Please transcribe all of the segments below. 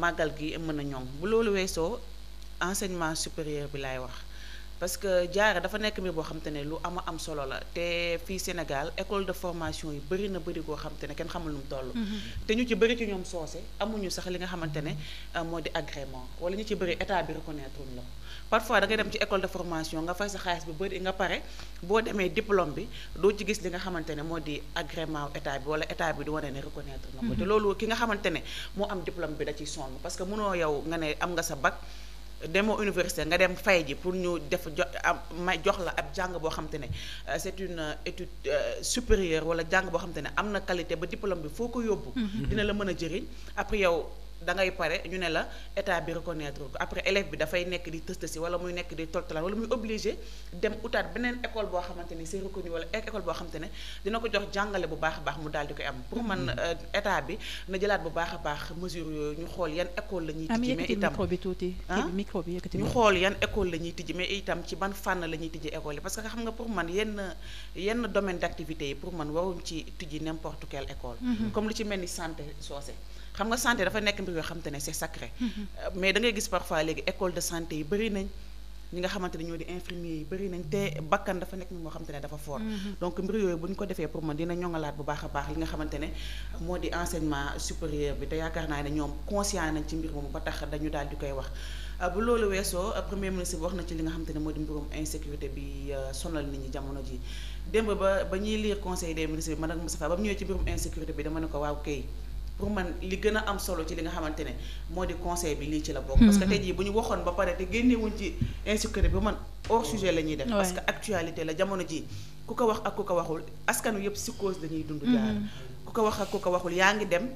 màggal gi mën a ñoŋ bu loolu weesoo enseignement supérieur bi laay wax parce que jaare dafa nekk mbir boo xam ne lu am am solo la te fii Sénégal école de formation yi bëri na bëri koo xam ne kenn xamul nu mu mm-hmm. te ñu ci bëri ci ñoom soose amuñu sax li nga xamante ne euh, moo di agrément wala ñu ci bëri état bi reconnaître la ko parfois da ngay dem ci école de formation nga fay sa xaalis bu bëri nga pare boo demee diplôme bi doo ci gis li nga xamante ne moo di agrément état bi wala état bi di wane ne reconnaître na ko mm-hmm. te loolu ki nga xamante ne moo am diplôme bi da ciy sonn parce que mënoo yow nga ne am nga sa bac demoo université nga dem fay ji pour ñu def jo am may jox la ab jàng boo xam te ne euh, c'est une étude euh, supérieure wala jàng boo xam ne am na qualité ba diplôme bi foo ko yóbbu. Mm-hmm. dina la mën a jëriñ après yow. dangay ngay pare ñu ne la état bi reconnaître ko après élève bi dafay nekk di tëstasi wala muy nekk di toltalaan wala muy obligé dem utaat beneen école boo xamante ni c'est reconnu wala école boo xamante ne dina ko jox jàngale bu baax a baax mu daal di koy am pour man mm-hmm. euh, état bi na jëlaat bu baax a baax mesure yooyu ñu xool yan école la ñuy tijji mais itam ñu xool yan école la ñuy tijji mais itam ci ban fànn la ñuy tijji école yi parce que xam nga pour man yenn yenn domaine d'activité yi pour man waruñ ci tijji n'importe quelle école mm-hmm. comme lu ci mel ni santé soose xam nga santé dafa nekk mbir yoo xam te ne c'est sacré mm-hmm. euh, mais da ngay gis parfois léegi école de santé yi bëri nañ ñi nga xamante ne ñoo di infirmier yi bëri nañ te bakkan dafa nekk mi moo xamante ne dafa fort mm-hmm. donc mbir yooyu bu ñu ko defee pour man dina ñoŋalaat bu baax a baax li nga xamante ne moo di enseignement supérieur bi te yaakaar naa ne ñoom conscient nañ ci mbir moomu ba tax dañu daal di koy wax euh, bu loolu weesoo euh, premier ministre bi wax na ci li nga xamante ne moo di mbirum insécurité bi sonal jamono ji démb ba ba ñuy ci mbirum insécurité bi dama ne ko waaw pour man li gën a am solo ci li nga xamante ne moo di conseil bi lii ci la bokk. parce que mm-hmm. tey jii bu ñu waxoon ba pare te génnewuñ ci insécurité bi man hors mm-hmm. sujet la ñuy def. parce que actualité la jamono ji ku ko wax ak ku ko waxul askanu yëpp si cause dañuy dund. jaar mm-hmm. ku ko wax ak ku ko waxul yaa ngi dem.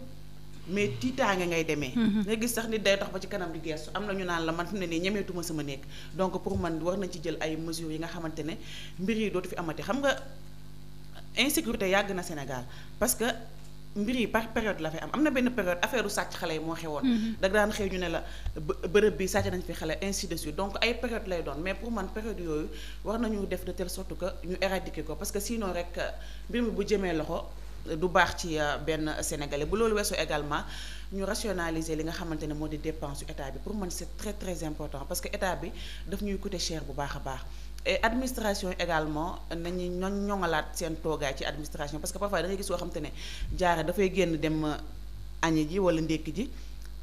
mais tiitaange ngay demee. nga gis sax nit day tax ba ci kanam di gestu am na ñu naan la man fi mu ne nii ñemeetuma sama néeg donc pour man war nañ ci jël ay mesures yi nga xamante ne mbir yi dootu fi amati xam nga insécurité yàgg na Sénégal mbir yi par période la fay am am na benn période affaire u sàcc xale yi moo xewoon. Mm-hmm. da daan ñu ne la bërëb bi sàcc nañ fi xale ainsi de suite donc ay période lay doon mais pour man période yooyu war nañu def de telle sorte que ñu éradiquer ko parce que sinon rek mbir mi bu jëmee loxo du baax ci euh, benn sénégalais bu loolu weesoo également ñu rationaliser li nga xamante ne moo di dépense yu état bi pour man c'est très très important parce que état bi daf ñuy coûter cher bu baax a baax. et administration également nañu ñoñ ñoŋalaat seen toogaay ci administration parce que parfois da ngay gis yoo xam te ne jaare dafay génn dem añi ji wala ndékki ji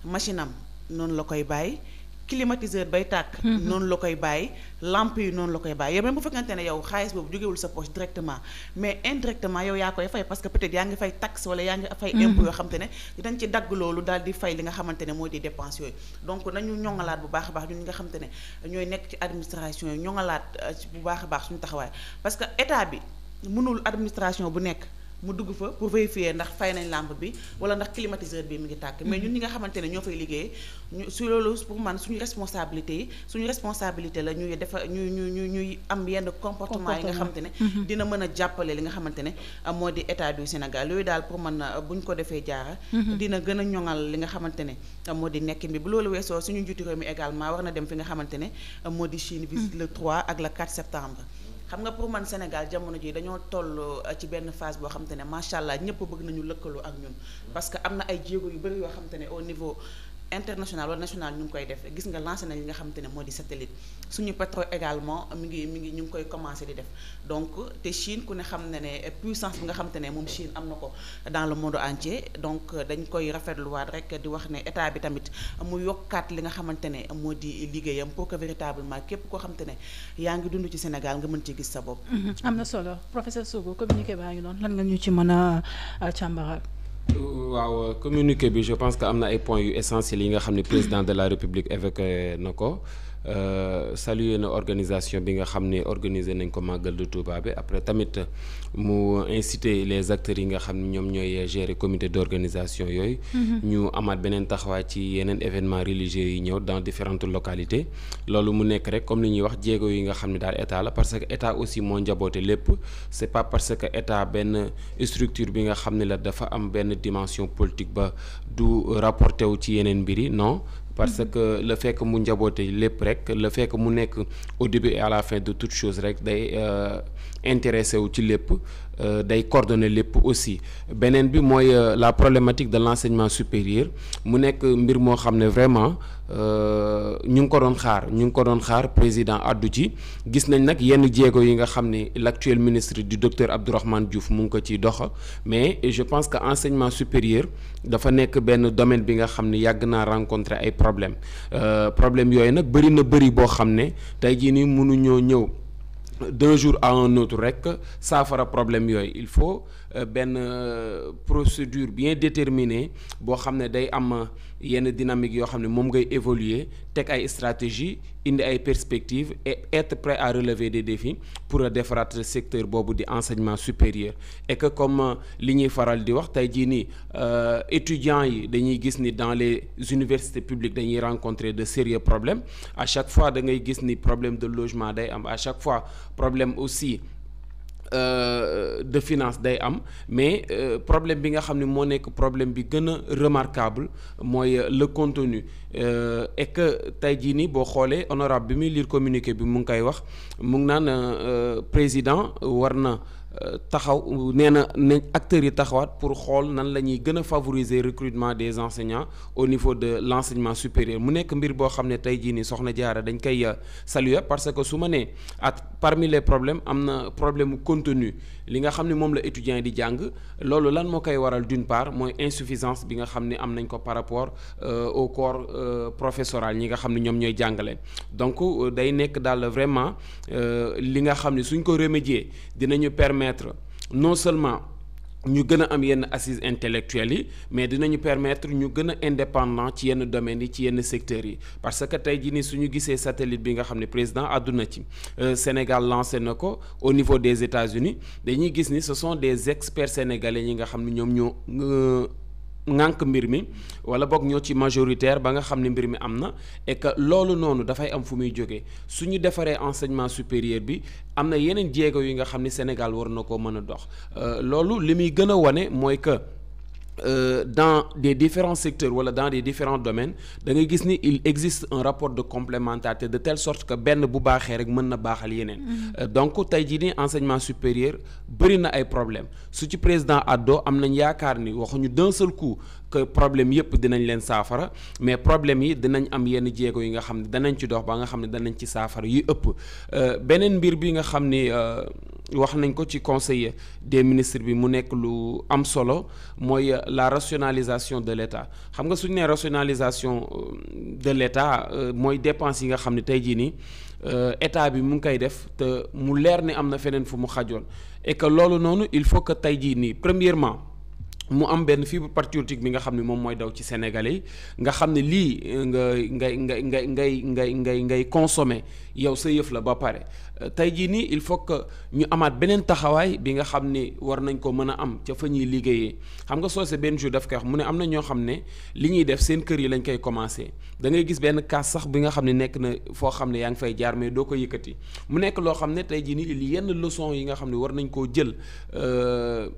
machine am noonu la koy bàyyi climatiseur bay tàkk. Mm-hmm. noonu la koy bàyyi lampe yi noonu la koy bàyyi yow même bu fekkante ne yow xaalis boobu jógewul sa poche directement mais indirectement yow yaa koy fay parce que peut yaa ngi fay taxe wala yaa ngi fay mm-hmm. impôt yoo xam te ne dañ ci dagg loolu daal di fay li nga xamante ne mooy di dépense yooyu donc nañu ñoŋalaat bu baax a baax ñun nga xam te ne ñooy nekk ci administration yi ñoŋalaat euh, bu baax a baax suñu taxawaay parce que état bi mënul bu nekk mu dugg fa pour vérifier ndax fay nañ lampe bi wala ndax climatiseur bi mi ngi tàkk mais ñun ñi nga xamante ne ñoo fay liggéey ñu su loolu pour man suñu responsabilité yi suñu responsabilité la ñuy defar ñu ñu ñu ñuy am yenn comportement yi nga xamante ne mm-hmm. dina mën a jàppale li nga xamante ne moo di état du Sénégal yooyu daal pour man euh, bu ñu ko defee jaara mm-hmm. dina gën a ñoŋal li nga xamante ne moo di nekk bi bu loolu weesoo suñu njiitu réew mi également war na dem fi nga xamante ne moo di Chine visite mm-hmm. le 3 ak le 4 septembre xam nga pour man Sénégal jamono ji dañoo toll euh, ci benn phase boo xam te ne macha allah ñëpp bëgg nañu lëkkaloo ak ñun. parce que am na ay jéego yu bëri yoo xam te ne au niveau. international wala national ñu ngi koy def gis nga lancé nañ li nga xamante ne moo di satellite suñu pétrole également mi ngi mi ngi ñu ngi koy commencé di def donc te Chine ku ne xam ne ne puissance bi nga xamante ne moom Chine am na ko dans le monde entier donc rek di wax ne état bi tamit mu yokkaat li nga xamante ne moo di liggéeyam pour que véritablement képp koo xamante ne yaa ngi dund ci Sénégal nga mën ci gis sa bopp. Mhm. am na solo professeur Sougou communiqué baa ngi noonu lan nga ñu ci mën a càmbaral. waaw euh, communiqué bi je pense que am na ay points yu essentiels yi nga xam ne président de la république évoqué na ko. Euh, saluer na organisation bi nga xam ne organiser nañ ko màggal de Touba bi après tamit mu inciter les acteurs yi nga xam ne ñoom ñooy gérer comité d'organisation yooyu. Mm-hmm. ñu amaat beneen taxawaay ci yeneen événement religieux yi ñëw dans différente localité loolu mu nekk rek comme ni ñuy wax jéego yi nga xam ne daal état la parce que état aussi moo njaboote lépp c'est pas parce que état benn structure bi nga xam ne la dafa am benn dimension politique ba du rapporté wu ci yeneen mbir yi non. parce mhm. que le fekk mu njaboote lépp rek le fekk mu nekk au début et à la fin de toute chose rek day euh, intéressé wu ci lépp euh, day coordonné lépp aussi beneen bi mooy euh, la problématique de l'enseignement supérieur mu nekk mbir moo xam ne vraiment ñu ngi ko doon xaar ñu ngi ko doon xaar président addu ci gis nañ nag yenn jéego yi nga xam ne l' ministre du docteur Abdourahmane Diouf mu ngi ko ci dox mais je pense que enseignement supérieur dafa nekk benn domaine bi nga xam ne yàgg naa rencontrer ay problème euh, problème yooyu nag bëri na bëri boo xam ne tey jii nii mënuñoo ñëw d'un jour à un autre rek saafara problème yooyu il faut Euh, benn euh, procédure bien déterminée boo xam ne day am euh, yenn dynamique yoo xam ne moom ngay évoluer teg ay stratégie indi ay perspectives et être prêt à relever des défis pour defaraat secteur boobu di enseignement supérieur et que comme li ñuy faral di wax tey jii nii étudiants yi dañuy gis ni dans les universités publiques dañuy rencontrer de sérieux problèmes à chaque fois da ngay gis ni problème de logement day am à chaque fois problème aussi Euh, de finance day am mais euh, problème bi nga xam ne moo nekk problème bi gën a remarquable mooy euh, le contenu et que tey jii nii boo xoolee honorable bi muy lire communiqué bi mu ngi koy wax mun ngi naan président war na taxaw nee na nañ acteurs yi taxawaat pour xool nan la ñuy gën a favoriser recrutement des enseignants au niveau de l' enseignement supérieur mu nekk mbir boo xam ne tey jii nii soxna jaara dañ koy euh, saluer parce que su ma nee at parmi les problèmes am na problème mu contenu li nga xam ne moom la étudiants yi di jàng loolu lan moo koy waral d' une part mooy insuffisance bi nga xam ne am nañ ko par rapport euh, au corps euh, professoral ñi nga xam ne ñoom ñooy jàngale donc day nekk daal vraiment li nga xam ne suñ ko permettre non seulement ñu gën a am yenn assises intellectuelles yi mais dinañu permettre ñu gën a indépendant ci yenn domaines yi ci yenn secteurs yi parce que tey jii nii suñu gisee satellite bi nga xam ne président àdduna ci euh, Sénégal lancé na ko au niveau des États-Unis dañuy gis ni ce sont des experts sénégalais yi nga xam ne ñoom ñoo euh, ŋànk mbir mi wala boog ñoo ci majoritaire ba nga xam ne mbir mi am na et que loolu noonu dafay am fu muy jóge su ñu defaree enseignement supérieur bi am na yeneen jéego yi nga xam ni Sénégal war na ko mën a dox euh, loolu li muy gën a wane mooy que. Euh, dans des différents secteurs wala dans des différents domaines da ngay gis ni il existe un rapport de complémentarité de telle sorte que benn bu baaxee rek mën na baaxal yeneen. Mm-hmm. Euh, donc tey ji nii enseignement supérieur bëri na ay problème su ci président Addo am nañ yaakaar ni waxuñu d'un seul coup que problème yëpp dinañ leen saafara mais problème yi dinañ am yenn jéego yi nga xam ne danañ ci dox ba nga xam ne danañ ci saafara yu ëpp euh, beneen mbir bi nga xam ni euh, wax nañ ko ci conseiller des ministres bi mu nekk lu am solo mooy euh, la rationalisation de l'État xam nga suñ nee rationalisation de l'État mooy dépenses yi nga xam ne tey jii nii état bi mu ngi koy def te mu leer ne am na feneen fu mu xajoon et que loolu noonu il faut que tey jii nii premièrement mu am benn fii patriotique bi nga xam ne moom mooy daw ci Sénégalais yi nga xam ne lii euh, nga ngay ngay ngay ngay ngay ngay ngay consommer yow sa yëf la ba pare euh, tey jii nii il faut que ñu amaat beneen taxawaay bi nga xam ne war nañ ko mën a am ca fa ñuy liggéeyee xam nga soo see benn jour daf koy wax mu ne am na ñoo xam ne li ñuy def seen kër yi lañ koy commencer da ngay gis benn kaas sax bi nga xam ne nekk na foo xam ne yaa ngi fay jaar mais doo ko yëkkati mu nekk xam ne tey jii nii yenn leçon yi nga xam ne war nañ koo jël. Euh,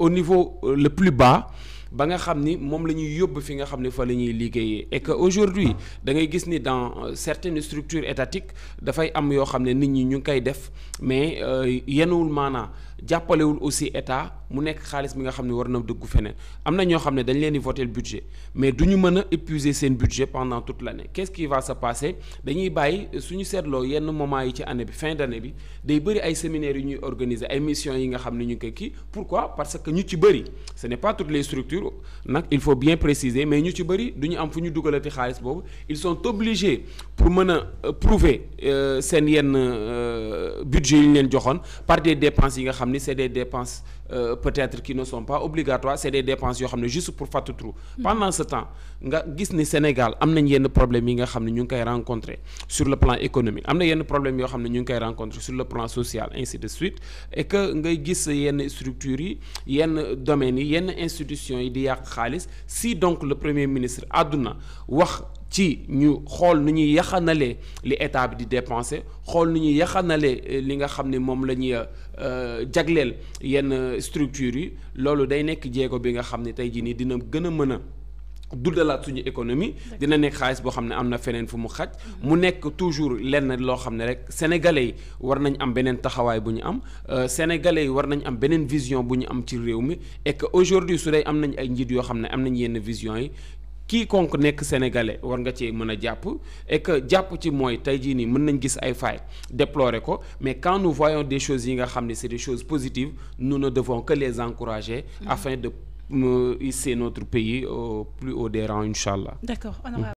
au niveau euh, le plus ba ba nga xam ni moom la ñuy yóbbu fi nga xam ne fa la ñuy liggéeyee et que aujourd'hui da ngay gis ni dans euh, certaines structures étatiques dafay am yoo xam ne nit ñi ñu ngi koy def mais euh, yenuwul maanaa jàppalewul aussi état mu nekk xaalis bi nga xam ne war na dëggu feneen am na ñoo xam ne dañ leen di voter budget mais du ñu mën a épuiser seen budget pendant toute l'année quest qui va se passer dañuy bàyyi suñu seetloo yenn moment yi ci anne bi fin d'année bi day bëri ay séminaires yu ñuy organiser ay missions yi nga xam ne ñu ngi koy kii pourquoi parce que ñu ci bëri ce n'est pas toutes les structures nag il faut bien préciser mais ñu ci bëri du ñu am fu ñu dugalati xaalis boobu ils sont obligés pour mën a euh, prouver euh, seen yenn euh, yi ñu leen joxoon par des nga xam xam ni c'est des dépenses euh, peut-être qui ne sont pas obligatoires c'est des dépenses yoo xam ne juste pour fàttu trou pendant ce temps nga gis ni Sénégal am nañ yenn problème yi nga xam ne ñu ngi koy rencontrer sur le plan économique am na yenn problème yoo xam ne ñu ngi koy rencontrer sur le plan social ainsi de suite et que ngay gis yenn structures yi yenn domaines yi yenn institutions yi di yàq xaalis si donc le premier ministre àdduna wax ci ñu xool nu ñuy yaxanalee li état bi di dépensé xool nu ñuy yaxanalee euh, li nga xam ne moom la ñuy euh, jagleel yenn euh, structures yi loolu day nekk jéego bi nga xam ne tey jii nii dina gën a mën a dundalaat suñu économie dina nekk xaalis boo xam ne am na feneen fu mu xaj mhm. mu nekk toujours lenn loo xam ne rek sénégalais yi war nañ am beneen taxawaay bu ñu am sénégalais yi war nañ am beneen vision bu ñu am ci réew mi et que aujourd'hui su dee am nañ ay njiit yoo xam ne am nañ yenn vision yi quiconque nekk sénégalais war nga cee mën a jàpp et que jàpp ci mooy tey jii nii mën nañ gis ay failles déplorer ko mais quand nous voyons des choses yi nga xam ne c'est des choses positives nous ne devons que les encourager mm. afin de euh, hisser notre pays au plus haut des rangs incha allah. D'accord.